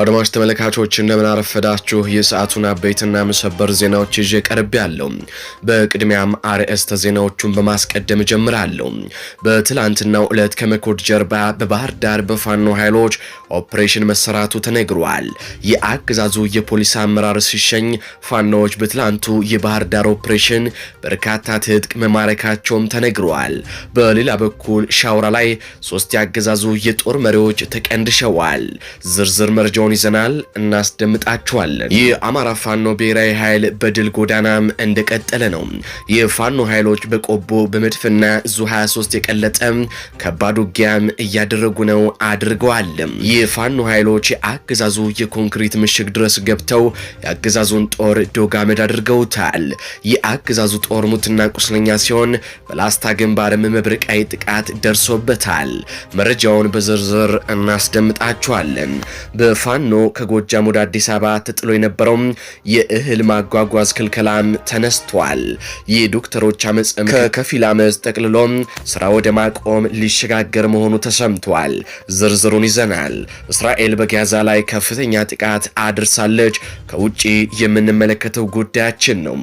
አድማጭ ተመልካቾች እንደምን አረፈዳችሁ። የሰዓቱን አበይትና መሰበር ዜናዎች ይዤ ቀርብ ያለው። በቅድሚያም አርዕስተ ዜናዎቹን በማስቀደም እጀምራለሁ። በትላንትናው ዕለት ከመኮድ ጀርባ በባህር ዳር በፋኖ ኃይሎች ኦፕሬሽን መሰራቱ ተነግሯል። የአገዛዙ የፖሊስ አመራር ሲሸኝ ፋኖዎች በትላንቱ የባህር ዳር ኦፕሬሽን በርካታ ትጥቅ መማረካቸውም ተነግሯል። በሌላ በኩል ሻውራ ላይ ሶስት የአገዛዙ የጦር መሪዎች ተቀንድሸዋል። ዝርዝር መረጃ መረጃውን ይዘናል፣ እናስደምጣችኋለን። የአማራ ፋኖ ብሔራዊ ኃይል በድል ጎዳናም እንደቀጠለ ነው። የፋኖ ኃይሎች በቆቦ በመድፍና ዙ 23 የቀለጠ ከባድ ውጊያም እያደረጉ ነው አድርገዋል። የፋኖ ኃይሎች የአገዛዙ የኮንክሪት ምሽግ ድረስ ገብተው የአገዛዙን ጦር ዶጋመድ አድርገውታል። የአገዛዙ ጦር ሙትና ቁስለኛ ሲሆን በላስታ ግንባርም መብረቃዊ ጥቃት ደርሶበታል። መረጃውን በዝርዝር እናስደምጣችኋለን። ፋኖ ከጎጃም ወደ አዲስ አበባ ተጥሎ የነበረው የእህል ማጓጓዝ ክልከላም ተነስቷል። የዶክተሮች አመፅ ከከፊል አመፅ ጠቅልሎ ስራ ወደ ማቆም ሊሸጋገር መሆኑ ተሰምቷል። ዝርዝሩን ይዘናል። እስራኤል በጋዛ ላይ ከፍተኛ ጥቃት አድርሳለች። ከውጭ የምንመለከተው ጉዳያችን ነው።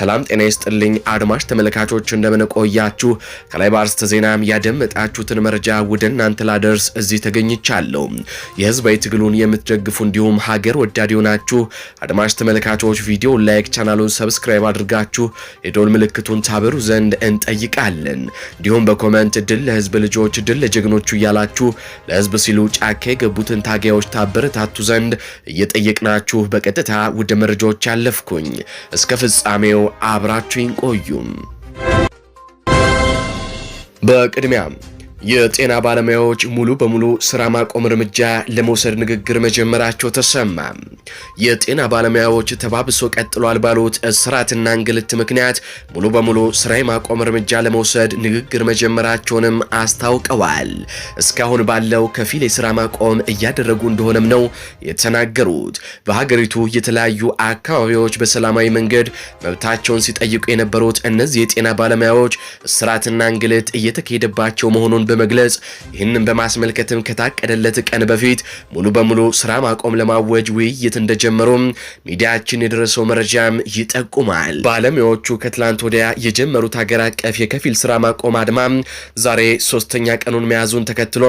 ሰላም ጤና ይስጥልኝ አድማሽ ተመልካቾች እንደምንቆያችሁ ከላይ በአርስተ ዜናም ያደመጣችሁትን መረጃ ወደ እናንተ ላደርስ እዚህ ተገኝቻለሁ። የህዝባዊ ትግሉን የምትደ የምትደግፉ እንዲሁም ሀገር ወዳድ የሆናችሁ አድማጭ ተመልካቾች ቪዲዮ ላይክ፣ ቻናሉን ሰብስክራይብ አድርጋችሁ የዶል ምልክቱን ታበሩ ዘንድ እንጠይቃለን። እንዲሁም በኮመንት ድል ለህዝብ ልጆች፣ ድል ለጀግኖቹ እያላችሁ ለህዝብ ሲሉ ጫካ የገቡትን ታጋዮች ታበረታቱ ዘንድ እየጠየቅናችሁ በቀጥታ ወደ መረጃዎች ያለፍኩኝ እስከ ፍጻሜው አብራችሁን ቆዩም። በቅድሚያም የጤና ባለሙያዎች ሙሉ በሙሉ ስራ ማቆም እርምጃ ለመውሰድ ንግግር መጀመራቸው ተሰማ። የጤና ባለሙያዎች ተባብሶ ቀጥሏል ባሉት እስራትና እንግልት ምክንያት ሙሉ በሙሉ ስራ የማቆም እርምጃ ለመውሰድ ንግግር መጀመራቸውንም አስታውቀዋል። እስካሁን ባለው ከፊል የስራ ማቆም እያደረጉ እንደሆነም ነው የተናገሩት። በሀገሪቱ የተለያዩ አካባቢዎች በሰላማዊ መንገድ መብታቸውን ሲጠይቁ የነበሩት እነዚህ የጤና ባለሙያዎች እስራትና እንግልት እየተካሄደባቸው መሆኑን በመግለጽ ይህንን በማስመልከትም ከታቀደለት ቀን በፊት ሙሉ በሙሉ ስራ ማቆም ለማወጅ ውይይት እንደጀመሩም ሚዲያችን የደረሰው መረጃም ይጠቁማል። ባለሙያዎቹ ከትላንት ወዲያ የጀመሩት ሀገር አቀፍ የከፊል ስራ ማቆም አድማ ዛሬ ሶስተኛ ቀኑን መያዙን ተከትሎ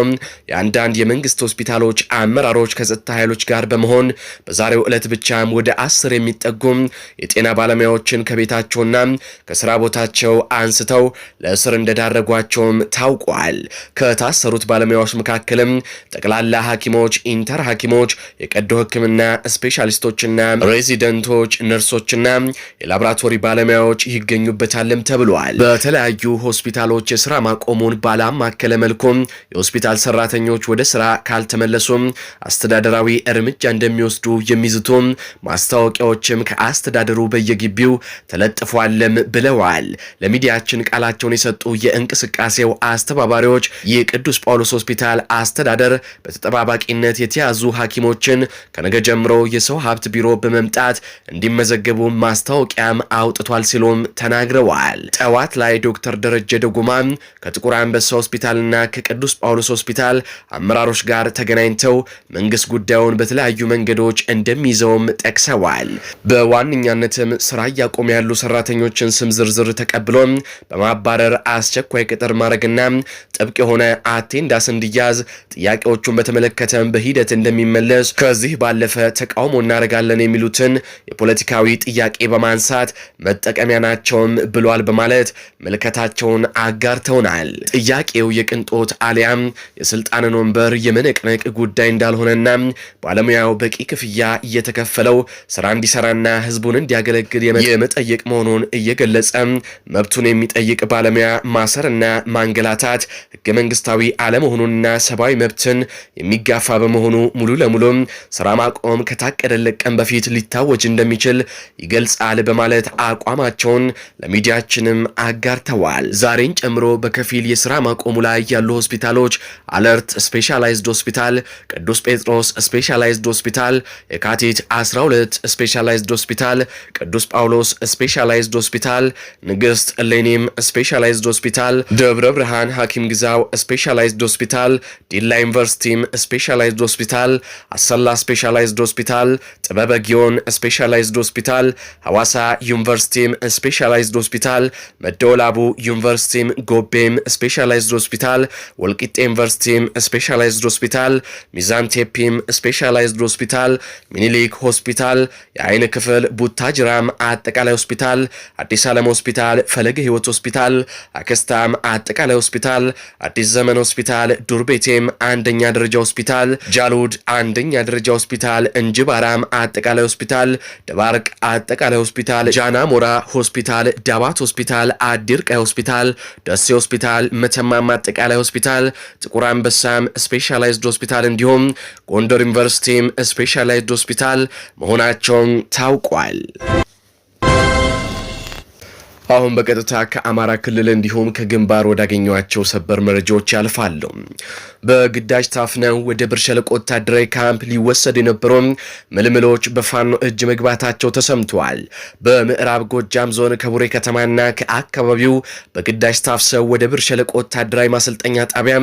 የአንዳንድ የመንግስት ሆስፒታሎች አመራሮች ከጸጥታ ኃይሎች ጋር በመሆን በዛሬው ዕለት ብቻም ወደ አስር የሚጠጉም የጤና ባለሙያዎችን ከቤታቸውና ከስራ ቦታቸው አንስተው ለእስር እንደዳረጓቸውም ታውቋል። ከታሰሩት ባለሙያዎች መካከልም ጠቅላላ ሐኪሞች፣ ኢንተር ሐኪሞች፣ የቀዶ ሕክምና ስፔሻሊስቶችና ሬዚደንቶች፣ ነርሶችና የላቦራቶሪ ባለሙያዎች ይገኙበታልም ተብሏል። በተለያዩ ሆስፒታሎች የስራ ማቆሙን ባላማከለ መልኩም የሆስፒታል ሰራተኞች ወደ ስራ ካልተመለሱም አስተዳደራዊ እርምጃ እንደሚወስዱ የሚዝቱ ማስታወቂያዎችም ከአስተዳደሩ በየግቢው ተለጥፏልም ብለዋል። ለሚዲያችን ቃላቸውን የሰጡ የእንቅስቃሴው አስተባባሪዎች ጉዳዮች የቅዱስ ጳውሎስ ሆስፒታል አስተዳደር በተጠባባቂነት የተያዙ ሐኪሞችን ከነገ ጀምሮ የሰው ሀብት ቢሮ በመምጣት እንዲመዘገቡ ማስታወቂያም አውጥቷል ሲሉም ተናግረዋል። ጠዋት ላይ ዶክተር ደረጀ ደጉማ ከጥቁር አንበሳ ሆስፒታልና ከቅዱስ ጳውሎስ ሆስፒታል አመራሮች ጋር ተገናኝተው መንግስት ጉዳዩን በተለያዩ መንገዶች እንደሚይዘውም ጠቅሰዋል። በዋነኛነትም ስራ እያቆሙ ያሉ ሰራተኞችን ስም ዝርዝር ተቀብሎ በማባረር አስቸኳይ ቅጥር ማድረግና ጥብቅ የሆነ አቴንዳስ እንዲያዝ ጥያቄዎቹን በተመለከተም በሂደት እንደሚመለስ ከዚህ ባለፈ ተቃውሞ እናደርጋለን የሚሉትን የፖለቲካዊ ጥያቄ በማንሳት መጠቀሚያ ናቸውም ብሏል በማለት ምልከታቸውን አጋርተውናል። ጥያቄው የቅንጦት አሊያም የስልጣንን ወንበር የመነቅነቅ ጉዳይ እንዳልሆነና ባለሙያው በቂ ክፍያ እየተከፈለው ስራ እንዲሰራና ህዝቡን እንዲያገለግል የመጠየቅ መሆኑን እየገለጸ መብቱን የሚጠይቅ ባለሙያ ማሰርና ማንገላታት ህገ መንግስታዊ አለመሆኑንና ሰብአዊ መብትን የሚጋፋ በመሆኑ ሙሉ ለሙሉ ስራ ማቆም ከታቀደለት ቀን በፊት ሊታወጅ እንደሚችል ይገልጻል በማለት አቋማቸውን ለሚዲያችንም አጋርተዋል። ዛሬን ጨምሮ በከፊል የስራ ማቆሙ ላይ ያሉ ሆስፒታሎች አለርት ስፔሻላይዝድ ሆስፒታል፣ ቅዱስ ጴጥሮስ ስፔሻላይዝድ ሆስፒታል፣ የካቲት 12 ስፔሻላይዝድ ሆስፒታል፣ ቅዱስ ጳውሎስ ስፔሻላይዝድ ሆስፒታል፣ ንግስት እሌኒም ስፔሻላይዝድ ሆስፒታል፣ ደብረ ብርሃን ሐኪም ግዛ ዛው ስፔሻላይዝድ ሆስፒታል፣ ዲላ ዩኒቨርሲቲም ስፔሻላይዝድ ሆስፒታል፣ አሰላ ስፔሻላይዝድ ሆስፒታል፣ ጥበበ ጊዮን ስፔሻላይዝድ ሆስፒታል፣ ሐዋሳ ዩኒቨርሲቲም ስፔሻላይዝድ ሆስፒታል፣ መደወላቡ ዩኒቨርሲቲም ጎቤም ስፔሻላይዝድ ሆስፒታል፣ ወልቂጤ ዩኒቨርሲቲም ስፔሻላይዝድ ሆስፒታል፣ ሚዛን ቴፒም ስፔሻላይዝድ ሆስፒታል፣ ሚኒሊክ ሆስፒታል፣ የአይን ክፍል ቡታጅራም አጠቃላይ ሆስፒታል፣ አዲስ ዓለም ሆስፒታል፣ ፈለገ ህይወት ሆስፒታል፣ አክስታም አጠቃላይ ሆስፒታል አዲስ ዘመን ሆስፒታል፣ ዱር ቤቴም አንደኛ ደረጃ ሆስፒታል፣ ጃሉድ አንደኛ ደረጃ ሆስፒታል፣ እንጅባራም አጠቃላይ ሆስፒታል፣ ደባርቅ አጠቃላይ ሆስፒታል፣ ጃና ሞራ ሆስፒታል፣ ዳባት ሆስፒታል፣ አዲር ቀይ ሆስፒታል፣ ደሴ ሆስፒታል፣ መተማም አጠቃላይ ሆስፒታል፣ ጥቁር አንበሳም ስፔሻላይዝድ ሆስፒታል እንዲሁም ጎንደር ዩኒቨርሲቲም ስፔሻላይዝድ ሆስፒታል መሆናቸውን ታውቋል። አሁን በቀጥታ ከአማራ ክልል እንዲሁም ከግንባር ወዳገኟቸው ሰበር መረጃዎች ያልፋሉ። በግዳጅ ታፍነው ወደ ብር ሸለቆ ወታደራዊ ካምፕ ሊወሰዱ የነበሩ ምልምሎች በፋኖ እጅ መግባታቸው ተሰምተዋል። በምዕራብ ጎጃም ዞን ከቡሬ ከተማና ከአካባቢው በግዳጅ ታፍሰው ወደ ብር ሸለቆ ወታደራዊ ማሰልጠኛ ጣቢያ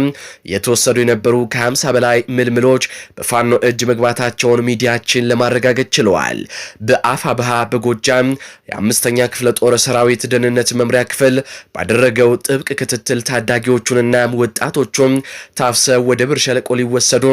የተወሰዱ የነበሩ ከ50 በላይ ምልምሎች በፋኖ እጅ መግባታቸውን ሚዲያችን ለማረጋገጥ ችለዋል። በአፋ በሃ በጎጃም የአምስተኛ ክፍለ ጦር ሰራዊት ደህንነት መምሪያ ክፍል ባደረገው ጥብቅ ክትትል ታዳጊዎቹንና ወጣቶቹን ታፍሰው ወደ ብር ሸለቆ ሊወሰዱ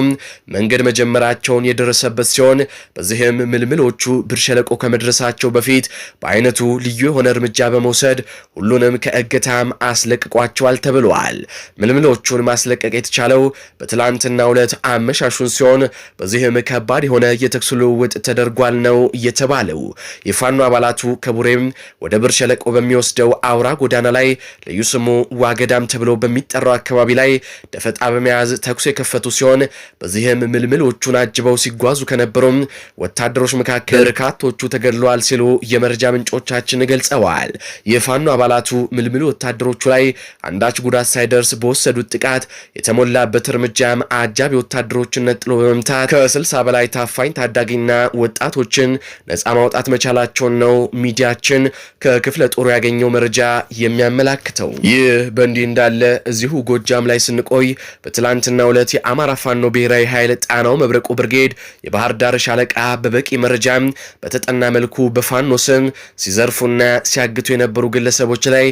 መንገድ መጀመራቸውን የደረሰበት ሲሆን በዚህም ምልምሎቹ ብር ሸለቆ ከመድረሳቸው በፊት በአይነቱ ልዩ የሆነ እርምጃ በመውሰድ ሁሉንም ከእገታም አስለቅቋቸዋል ተብለዋል። ምልምሎቹን ማስለቀቅ የተቻለው በትላንትና ዕለት አመሻሹን ሲሆን በዚህም ከባድ የሆነ የተኩስ ልውውጥ ተደርጓል ነው እየተባለው የፋኖ አባላቱ ከቡሬም ወደ ብር ሸለቆ በሚ በሚወስደው አውራ ጎዳና ላይ ልዩ ስሙ ዋገዳም ተብሎ በሚጠራው አካባቢ ላይ ደፈጣ በመያዝ ተኩስ የከፈቱ ሲሆን በዚህም ምልምሎቹን አጅበው ሲጓዙ ከነበሩም ወታደሮች መካከል በርካቶቹ ተገድለዋል ሲሉ የመረጃ ምንጮቻችን ገልጸዋል። የፋኖ አባላቱ ምልምል ወታደሮቹ ላይ አንዳች ጉዳት ሳይደርስ በወሰዱት ጥቃት የተሞላበት እርምጃም አጃቢ ወታደሮችን ነጥሎ በመምታት ከስልሳ በላይ ታፋኝ ታዳጊና ወጣቶችን ነፃ ማውጣት መቻላቸውን ነው ሚዲያችን ከክፍለ ጦሩ ያገኘው መረጃ የሚያመላክተው። ይህ በእንዲህ እንዳለ እዚሁ ጎጃም ላይ ስንቆይ በትላንትና ዕለት የአማራ ፋኖ ብሔራዊ ኃይል ጣናው መብረቁ ብርጌድ የባህር ዳር ሻለቃ በበቂ መረጃም በተጠና መልኩ በፋኖ ስም ሲዘርፉና ሲያግቱ የነበሩ ግለሰቦች ላይ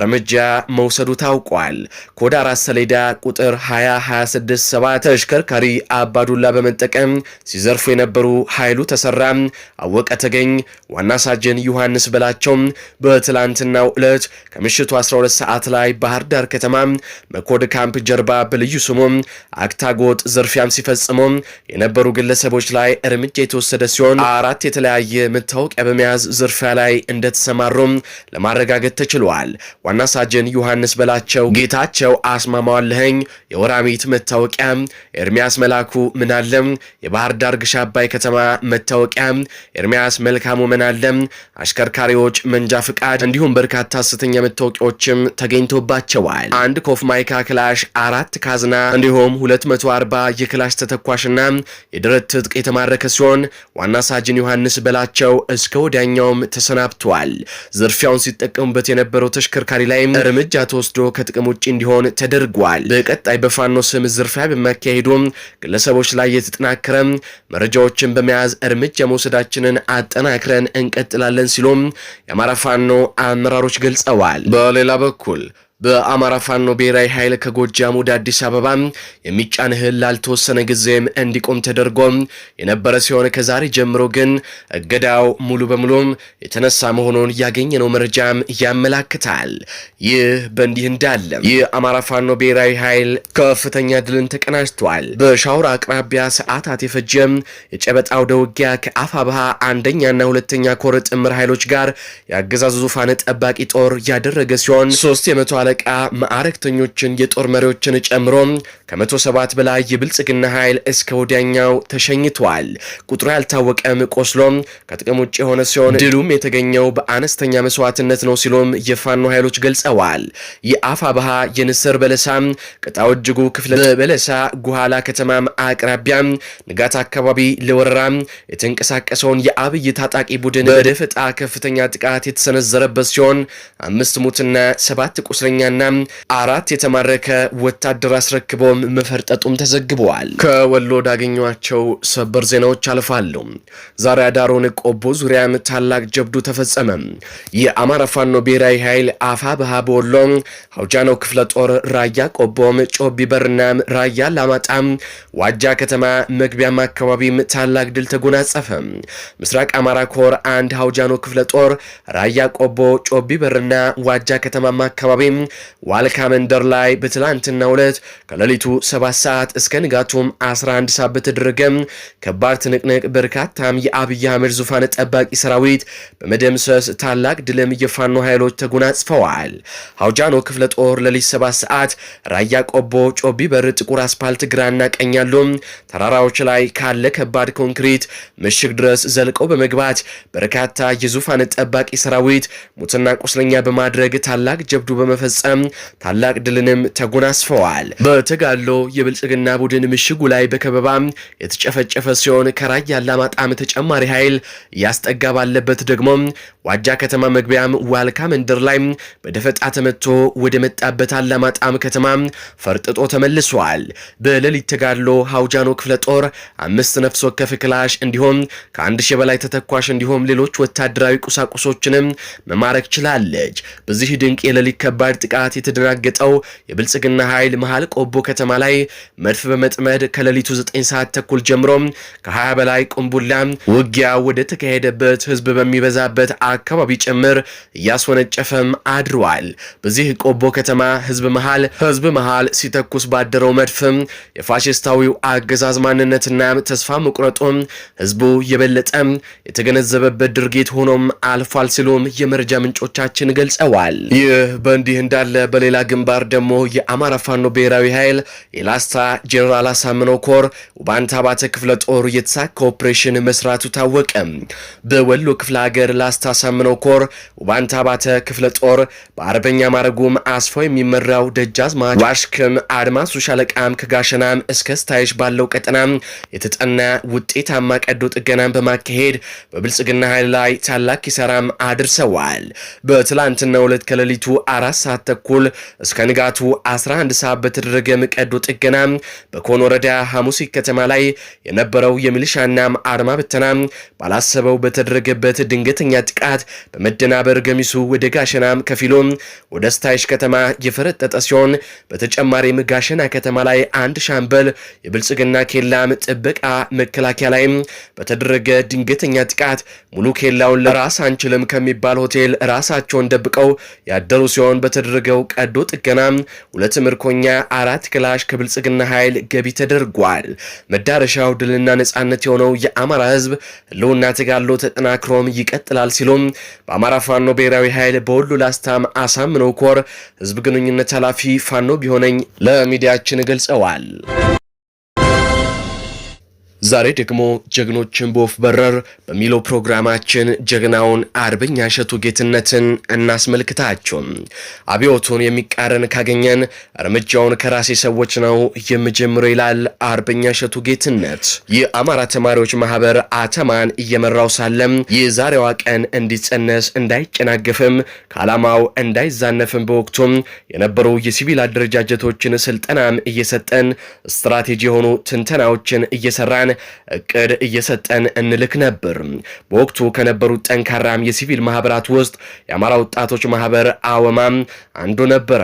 እርምጃ መውሰዱ ታውቋል። ኮድ አራት ሰሌዳ ቁጥር 2267 ተሽከርካሪ አባዱላ በመጠቀም ሲዘርፉ የነበሩ ኃይሉ ተሰራ፣ አወቀ ተገኝ፣ ዋና ሳጅን ዮሐንስ በላቸው በትላንት በትላንትናው ዕለት ከምሽቱ 12 ሰዓት ላይ ባህር ዳር ከተማ መኮድ ካምፕ ጀርባ በልዩ ስሙ አክታጎጥ ዝርፊያም ሲፈጽሙ የነበሩ ግለሰቦች ላይ እርምጃ የተወሰደ ሲሆን አራት የተለያየ መታወቂያ በመያዝ ዝርፊያ ላይ እንደተሰማሩም ለማረጋገጥ ተችሏል። ዋና ሳጅን ዮሐንስ በላቸው፣ ጌታቸው አስማማዋለኸኝ፣ የወራሚት መታወቂያ፣ ኤርሚያስ መላኩ ምናለም፣ የባህር ዳር ግሻ አባይ ከተማ መታወቂያ፣ ኤርሚያስ መልካሙ ምናለም፣ አሽከርካሪዎች መንጃ ፍቃድ እንዲሁም እንዲሁም በርካታ ሐሰተኛ መታወቂያዎችም ተገኝቶባቸዋል። አንድ ኮፍ ማይካ ክላሽ፣ አራት ካዝና እንዲሁም 240 የክላሽ ተተኳሽና የደረት ትጥቅ የተማረከ ሲሆን ዋና ሳጅን ዮሐንስ በላቸው እስከ ወዲያኛውም ተሰናብቷል። ዝርፊያውን ሲጠቀሙበት የነበረው ተሽከርካሪ ላይም እርምጃ ተወስዶ ከጥቅም ውጭ እንዲሆን ተደርጓል። በቀጣይ በፋኖ ስም ዝርፊያ በሚያካሄዱም ግለሰቦች ላይ የተጠናከረ መረጃዎችን በመያዝ እርምጃ መውሰዳችንን አጠናክረን እንቀጥላለን ሲሉም የአማራ ፋኖ አመራሮች ገልጸዋል። በሌላ በኩል በአማራ ፋኖ ብሔራዊ ኃይል ከጎጃም ወደ አዲስ አበባ የሚጫን እህል ላልተወሰነ ጊዜም እንዲቆም ተደርጎ የነበረ ሲሆን ከዛሬ ጀምሮ ግን እገዳው ሙሉ በሙሉ የተነሳ መሆኑን ያገኘነው መረጃም ያመላክታል። ይህ በእንዲህ እንዳለ የአማራ ፋኖ ብሔራዊ ኃይል ከፍተኛ ድልን ተቀናጅቷል። በሻውር አቅራቢያ ሰዓታት የፈጀም የጨበጣ አውደ ውጊያ ከአፋብሃ አንደኛና ሁለተኛ ኮር ጥምር ኃይሎች ጋር የአገዛዙ ዙፋን ጠባቂ ጦር ያደረገ ሲሆን ሶስት የመቶ አለቃ ማዕረግተኞችን የጦር መሪዎችን ጨምሮ ከመቶ ሰባት በላይ የብልጽግና ኃይል እስከ ወዲያኛው ተሸኝቷል። ቁጥሩ ያልታወቀም ቆስሎም ከጥቅም ውጭ የሆነ ሲሆን ድሉም የተገኘው በአነስተኛ መስዋዕትነት ነው ሲሉም የፋኖ ኃይሎች ገልጸዋል። የአፋ ባሃ የንስር በለሳ ቅጣው እጅጉ ክፍለ በለሳ ጉኋላ ከተማም አቅራቢያ ንጋት አካባቢ ለወረራ የተንቀሳቀሰውን የአብይ ታጣቂ ቡድን በደፈጣ ከፍተኛ ጥቃት የተሰነዘረበት ሲሆን አምስት ሙትና ሰባት ቁስለኛ ቁስለኛና አራት የተማረከ ወታደር አስረክቦም መፈርጠጡም ተዘግበዋል። ከወሎ ወዳገኟቸው ሰበር ዜናዎች አልፋሉ። ዛሬ አዳሮን ቆቦ ዙሪያም ታላቅ ጀብዱ ተፈጸመ። የአማራ ፋኖ ብሔራዊ ኃይል አፋ በሃ በወሎ ሀውጃኖ ክፍለ ጦር ራያ ቆቦም ጮቢ በርናም ራያ ላማጣም ዋጃ ከተማ መግቢያም አካባቢም ታላቅ ድል ተጎናጸፈ። ምስራቅ አማራ ኮር አንድ ሀውጃኖ ክፍለ ጦር ራያ ቆቦ ጮቢ በርና ዋጃ ከተማም አካባቢም ዋልካ መንደር ላይ በትላንትና ሁለት ከሌሊቱ 7 ሰዓት እስከ ንጋቱም 11 ሰዓት በተደረገም ከባድ ትንቅንቅ በርካታም የአብይ አህመድ ዙፋን ጠባቂ ሰራዊት በመደምሰስ ታላቅ ድልም የፋኖ ኃይሎች ተጎናጽፈዋል። ሀውጃኖ ክፍለ ጦር ሌሊት 7 ሰዓት ራያ ቆቦ ጮቢ በር ጥቁር አስፓልት ግራና ቀኝ ያሉ ተራራዎች ላይ ካለ ከባድ ኮንክሪት ምሽግ ድረስ ዘልቀው በመግባት በርካታ የዙፋን ጠባቂ ሰራዊት ሙትና ቁስለኛ በማድረግ ታላቅ ጀብዱ በመፈጸም በመፈጸም ታላቅ ድልንም ተጎናስፈዋል። በተጋድሎ የብልጽግና ቡድን ምሽጉ ላይ በከበባ የተጨፈጨፈ ሲሆን ከራያ አላማጣም ተጨማሪ ኃይል እያስጠጋ ባለበት ደግሞ ዋጃ ከተማ መግቢያም ዋልካ መንደር ላይ በደፈጣ ተመቶ ወደ መጣበት አላማጣም ከተማ ፈርጥጦ ተመልሷል። በሌሊት ተጋድሎ ሀውጃኖ ክፍለ ጦር አምስት ነፍስ ወከፍ ክላሽ እንዲሁም ከአንድ ሺህ በላይ ተተኳሽ እንዲሁም ሌሎች ወታደራዊ ቁሳቁሶችንም መማረክ ችላለች። በዚህ ድንቅ የሌሊት ከባድ ጥቃት የተደናገጠው የብልጽግና ኃይል መሃል ቆቦ ከተማ ላይ መድፍ በመጥመድ ከሌሊቱ 9 ሰዓት ተኩል ጀምሮ ከ20 በላይ ቁንቡላ ውጊያ ወደ ተካሄደበት ህዝብ በሚበዛበት አካባቢ ጭምር እያስወነጨፈም አድሯል። በዚህ ቆቦ ከተማ ህዝብ መሃል ህዝብ መሃል ሲተኩስ ባደረው መድፍም የፋሽስታዊው አገዛዝ ማንነትና ተስፋ መቁረጡም ህዝቡ የበለጠ የተገነዘበበት ድርጊት ሆኖም አልፏል ሲሉም የመረጃ ምንጮቻችን ገልጸዋል። ይህ በእንዲህ እንዳ እንዳለ በሌላ ግንባር ደግሞ የአማራ ፋኖ ብሔራዊ ኃይል የላስታ ጄኔራል አሳምነው ኮር ውባንታ ባተ ክፍለ ጦር የተሳካ ኦፕሬሽን መስራቱ ታወቀ። በወሎ ክፍለ ሀገር ላስታ አሳምነው ኮር ውባንታ ባተ ክፍለ ጦር በአርበኛ ማረጉም አስፋው የሚመራው ደጃዝማች ዋሽክም አድማሱ ሻለቃም ከጋሸናም እስከ ስታይሽ ባለው ቀጠና የተጠና ውጤታማ ቀዶ ጥገናን በማካሄድ በብልጽግና ኃይል ላይ ታላቅ ኪሳራም አድርሰዋል። በትላንትና ሁለት ከሌሊቱ አራት ሰዓት ተኩል እስከ ንጋቱ 11 ሰዓት በተደረገ ቀዶ ጥገና በኮን ወረዳ ሐሙሲት ከተማ ላይ የነበረው የሚሊሻና አርማ ብተና ባላሰበው በተደረገበት ድንገተኛ ጥቃት በመደናበር ገሚሱ ወደ ጋሸና ከፊሎ ወደ ስታይሽ ከተማ የፈረጠጠ ሲሆን በተጨማሪም ጋሸና ከተማ ላይ አንድ ሻምበል የብልጽግና ኬላም ጥበቃ መከላከያ ላይ በተደረገ ድንገተኛ ጥቃት ሙሉ ኬላውን ለራስ አንችልም ከሚባል ሆቴል ራሳቸውን ደብቀው ያደሩ ሲሆን በተደረገው ቀዶ ጥገና ሁለት ምርኮኛ፣ አራት ክላሽ ከብልጽግና ኃይል ገቢ ተደርጓል። መዳረሻው ድልና ነጻነት የሆነው የአማራ ህዝብ ህልውና ተጋድሎ ተጠናክሮም ይቀጥላል ሲሉም በአማራ ፋኖ ብሔራዊ ኃይል በወሎ ላስታም አሳምነው ኮር ህዝብ ግንኙነት ኃላፊ ፋኖ ቢሆነኝ ለሚዲያችን ገልጸዋል። ዛሬ ደግሞ ጀግኖችን በወፍ በረር በሚለው ፕሮግራማችን ጀግናውን አርበኛ እሸቱ ጌትነትን እናስመልክታችሁ። አብዮቱን የሚቃረን ካገኘን እርምጃውን ከራሴ ሰዎች ነው የምጀምረው ይላል አርበኛ እሸቱ ጌትነት። የአማራ ተማሪዎች ማህበር አተማን እየመራው ሳለም የዛሬዋ ቀን እንዲጸነስ እንዳይጨናገፍም ከዓላማው እንዳይዛነፍም በወቅቱም የነበሩ የሲቪል አደረጃጀቶችን ስልጠናም እየሰጠን ስትራቴጂ የሆኑ ትንተናዎችን እየሰራን እቅድ እየሰጠን እንልክ ነበር። በወቅቱ ከነበሩት ጠንካራም የሲቪል ማህበራት ውስጥ የአማራ ወጣቶች ማህበር አወማም አንዱ ነበረ።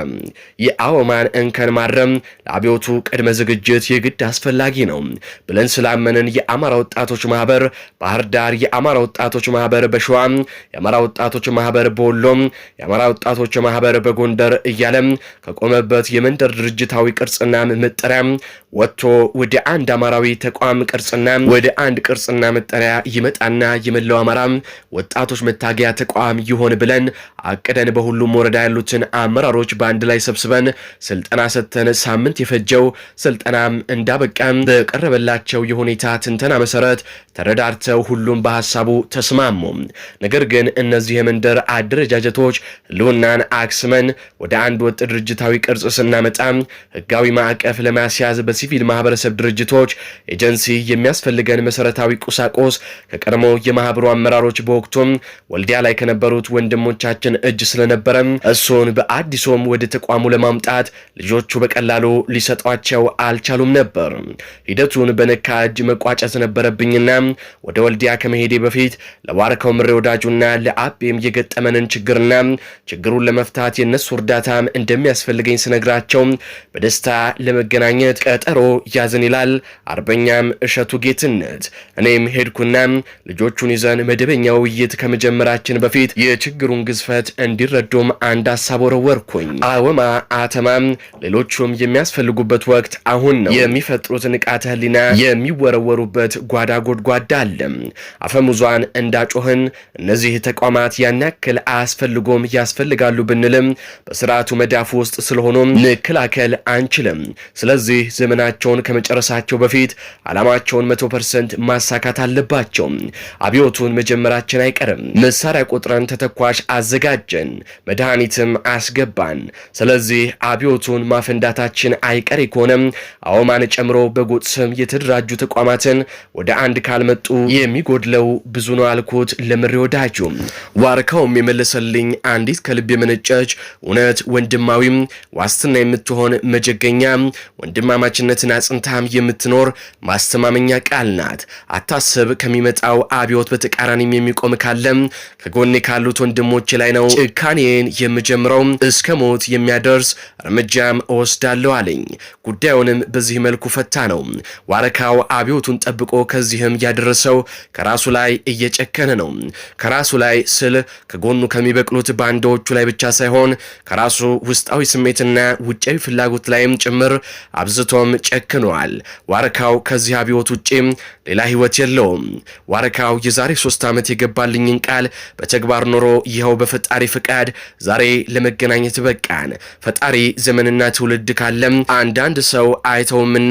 የአወማን እንከን ማረም ለአብዮቱ ቅድመ ዝግጅት የግድ አስፈላጊ ነው ብለን ስላመንን የአማራ ወጣቶች ማህበር ባህር ዳር፣ የአማራ ወጣቶች ማህበር በሸዋ፣ የአማራ ወጣቶች ማህበር በወሎም፣ የአማራ ወጣቶች ማህበር በጎንደር እያለም ከቆመበት የመንደር ድርጅታዊ ቅርጽና መጠሪያ ወጥቶ ወደ አንድ አማራዊ ተቋም ቅርጽ ቅርጽና ወደ አንድ ቅርጽና መጠሪያ ይመጣና የመላው አማራ ወጣቶች መታገያ ተቋም ይሆን ብለን አቅደን በሁሉም ወረዳ ያሉትን አመራሮች በአንድ ላይ ሰብስበን ስልጠና ሰጥተን ሳምንት የፈጀው ስልጠናም እንዳበቃም በቀረበላቸው የሁኔታ ትንተና መሰረት ተረዳርተው ሁሉም በሀሳቡ ተስማሙ። ነገር ግን እነዚህ የመንደር አደረጃጀቶች ህልውናን አክስመን ወደ አንድ ወጥ ድርጅታዊ ቅርጽ ስናመጣ ህጋዊ ማዕቀፍ ለማስያዝ በሲቪል ማህበረሰብ ድርጅቶች ኤጀንሲ የሚያስፈልገን መሰረታዊ ቁሳቁስ ከቀድሞ የማህበሩ አመራሮች በወቅቱም ወልዲያ ላይ ከነበሩት ወንድሞቻችን እጅ ስለነበረ እሱን በአዲሶም ወደ ተቋሙ ለማምጣት ልጆቹ በቀላሉ ሊሰጧቸው አልቻሉም ነበር። ሂደቱን በነካ እጅ መቋጨት ነበረብኝና ወደ ወልዲያ ከመሄዴ በፊት ለዋርከው ምሬ ወዳጁና ለአቤም የገጠመንን ችግርና ችግሩን ለመፍታት የነሱ እርዳታ እንደሚያስፈልገኝ ስነግራቸው በደስታ ለመገናኘት ቀጠሮ ያዝን ይላል አርበኛም እሸቱ ጌትነት። እኔም ሄድኩና ልጆቹን ይዘን መደበኛ ውይይት ከመጀመራችን በፊት የችግሩን ግዝፈት እንዲረዱም አንድ ሀሳብ ወረወርኩኝ። አወማ አተማም ሌሎቹም የሚያስፈልጉበት ወቅት አሁን ነው። የሚፈጥሩት ንቃተ ህሊና የሚወረወሩበት ጓዳ ጎድጓዳ አለም። አፈሙዟን እንዳጮህን እነዚህ ተቋማት ያን ያክል አያስፈልጉም ያስፈልጋሉ ብንልም በስርዓቱ መዳፍ ውስጥ ስለሆኑም መከላከል አንችልም። ስለዚህ ዘመናቸውን ከመጨረሳቸው በፊት አላማ ግባቸውን መቶ ፐርሰንት ማሳካት አለባቸው። አብዮቱን መጀመራችን አይቀርም። መሳሪያ ቁጥረን ተተኳሽ አዘጋጀን፣ መድኃኒትም አስገባን። ስለዚህ አብዮቱን ማፈንዳታችን አይቀሬ ከሆነም አውማን ጨምሮ በጎጥ ስም የተደራጁ ተቋማትን ወደ አንድ ካልመጡ የሚጎድለው ብዙ ነው አልኩት ለምሬ ወዳጁ። ዋርካውም የመለሰልኝ አንዲት ከልብ የመነጨች እውነት ወንድማዊም ዋስትና የምትሆን መጀገኛ ወንድማማችነትን አጽንታም የምትኖር ማስተማ መተማመኛ ቃል ናት። አታስብ ከሚመጣው አብዮት በተቃራኒም የሚቆም ካለም ከጎኔ ካሉት ወንድሞች ላይ ነው ጭካኔን የምጀምረው፣ እስከ ሞት የሚያደርስ እርምጃም እወስዳለሁ አለኝ። ጉዳዩንም በዚህ መልኩ ፈታ ነው። ዋረካው አብዮቱን ጠብቆ ከዚህም ያደረሰው ከራሱ ላይ እየጨከነ ነው። ከራሱ ላይ ስል ከጎኑ ከሚበቅሉት ባንዳዎቹ ላይ ብቻ ሳይሆን ከራሱ ውስጣዊ ስሜትና ውጫዊ ፍላጎት ላይም ጭምር አብዝቶም ጨክኗል። ዋረካው ከዚህ አብዮት ህይወት ውጪ ሌላ ህይወት የለውም። ዋርካው የዛሬ ሶስት ዓመት የገባልኝን ቃል በተግባር ኖሮ ይኸው በፈጣሪ ፍቃድ ዛሬ ለመገናኘት በቃን። ፈጣሪ ዘመንና ትውልድ ካለም አንዳንድ ሰው አይተውምና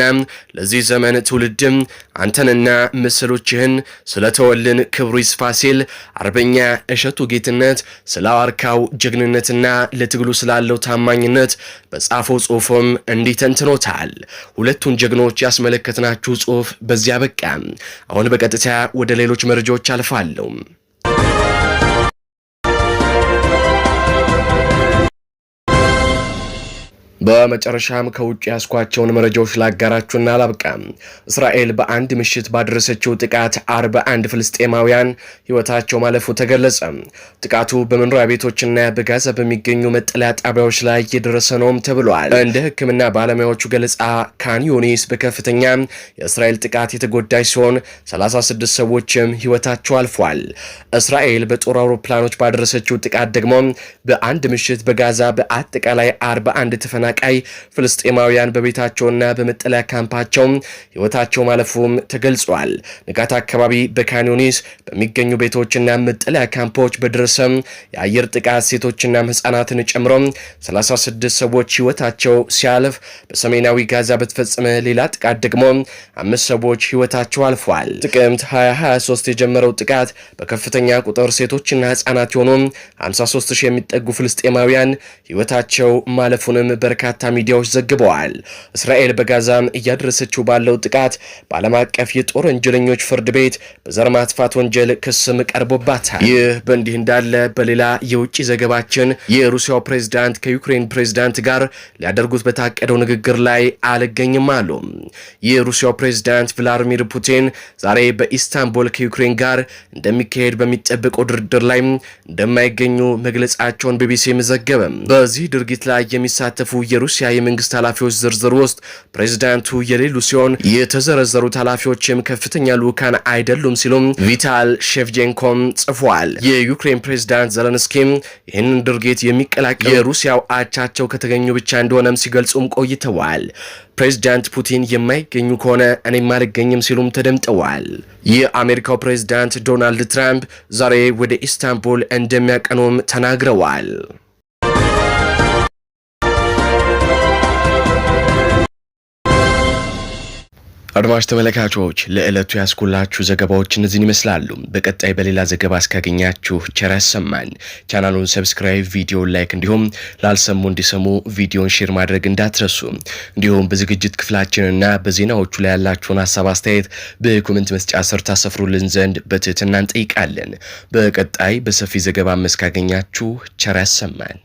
ለዚህ ዘመን ትውልድም አንተንና ምስሎችህን ስለተወልን ክብሩ ይስፋ ሲል አርበኛ እሸቱ ጌትነት ስለ ዋርካው ጀግንነትና ለትግሉ ስላለው ታማኝነት በጻፈው ጽሁፎም እንዲህ ተንትኖታል። ሁለቱን ጀግኖች ያስመለከትናችሁ ጽሁፍ በዚያ በቃ። አሁን በቀጥታ ወደ ሌሎች መረጃዎች አልፋለሁ። በመጨረሻም ከውጭ ያስኳቸውን መረጃዎች ላጋራችሁና አላብቃም። እስራኤል በአንድ ምሽት ባደረሰችው ጥቃት አርባ አንድ ፍልስጤማውያን ህይወታቸው ማለፉ ተገለጸ። ጥቃቱ በመኖሪያ ቤቶችና በጋዛ በሚገኙ መጠለያ ጣቢያዎች ላይ የደረሰ ነውም ተብሏል። እንደ ሕክምና ባለሙያዎቹ ገለጻ ካን ዩኒስ በከፍተኛ የእስራኤል ጥቃት የተጎዳች ሲሆን 36 ሰዎችም ህይወታቸው አልፏል። እስራኤል በጦር አውሮፕላኖች ባደረሰችው ጥቃት ደግሞ በአንድ ምሽት በጋዛ በአጠቃላይ 41 ተፈና ተፈናቃይ ፍልስጤማውያን በቤታቸውና በመጠለያ ካምፓቸው ህይወታቸው ማለፉም ተገልጿል። ንጋት አካባቢ በካኒዮኒስ በሚገኙ ቤቶችና መጠለያ ካምፖች በደረሰ የአየር ጥቃት ሴቶችና ህጻናትን ጨምሮ 36 ሰዎች ህይወታቸው ሲያልፍ በሰሜናዊ ጋዛ በተፈጸመ ሌላ ጥቃት ደግሞ አምስት ሰዎች ህይወታቸው አልፏል። ጥቅምት 2023 የጀመረው ጥቃት በከፍተኛ ቁጥር ሴቶችና ህጻናት የሆኑ 53 ሺህ የሚጠጉ ፍልስጤማውያን ህይወታቸው ማለፉንም በርካ በርካታ ሚዲያዎች ዘግበዋል። እስራኤል በጋዛም እያደረሰችው ባለው ጥቃት በዓለም አቀፍ የጦር ወንጀለኞች ፍርድ ቤት በዘር ማጥፋት ወንጀል ክስም ቀርቦባታል። ይህ በእንዲህ እንዳለ በሌላ የውጭ ዘገባችን የሩሲያው ፕሬዝዳንት ከዩክሬን ፕሬዝዳንት ጋር ሊያደርጉት በታቀደው ንግግር ላይ አልገኝም አሉ። የሩሲያው ፕሬዝዳንት ቭላዲሚር ፑቲን ዛሬ በኢስታንቡል ከዩክሬን ጋር እንደሚካሄድ በሚጠበቀው ድርድር ላይ እንደማይገኙ መግለጻቸውን ቢቢሲ ዘገበም። በዚህ ድርጊት ላይ የሚሳተፉ የሩሲያ የመንግስት ኃላፊዎች ዝርዝር ውስጥ ፕሬዚዳንቱ የሌሉ ሲሆን የተዘረዘሩት ኃላፊዎችም ከፍተኛ ልዑካን አይደሉም ሲሉም ቪታል ሼቭቼንኮም ጽፏል። የዩክሬን ፕሬዚዳንት ዘለንስኪም ይህንን ድርጊት የሚቀላቀል የሩሲያው አቻቸው ከተገኙ ብቻ እንደሆነም ሲገልጹም ቆይተዋል። ፕሬዚዳንት ፑቲን የማይገኙ ከሆነ እኔም አልገኝም ሲሉም ተደምጠዋል። የአሜሪካው ፕሬዚዳንት ዶናልድ ትራምፕ ዛሬ ወደ ኢስታንቡል እንደሚያቀኑም ተናግረዋል። አድማጭ ተመልካቾች ለዕለቱ ያስኩላችሁ ዘገባዎች እነዚህን ይመስላሉ። በቀጣይ በሌላ ዘገባ እስካገኛችሁ ቸር ያሰማን። ቻናሉን ሰብስክራይብ፣ ቪዲዮን ላይክ እንዲሁም ላልሰሙ እንዲሰሙ ቪዲዮን ሼር ማድረግ እንዳትረሱ። እንዲሁም በዝግጅት ክፍላችንና በዜናዎቹ ላይ ያላችሁን ሀሳብ አስተያየት በኮመንት መስጫ ስር ታሰፍሩልን ዘንድ በትህትና እንጠይቃለን። በቀጣይ በሰፊ ዘገባ እስካገኛችሁ ቸር ያሰማን።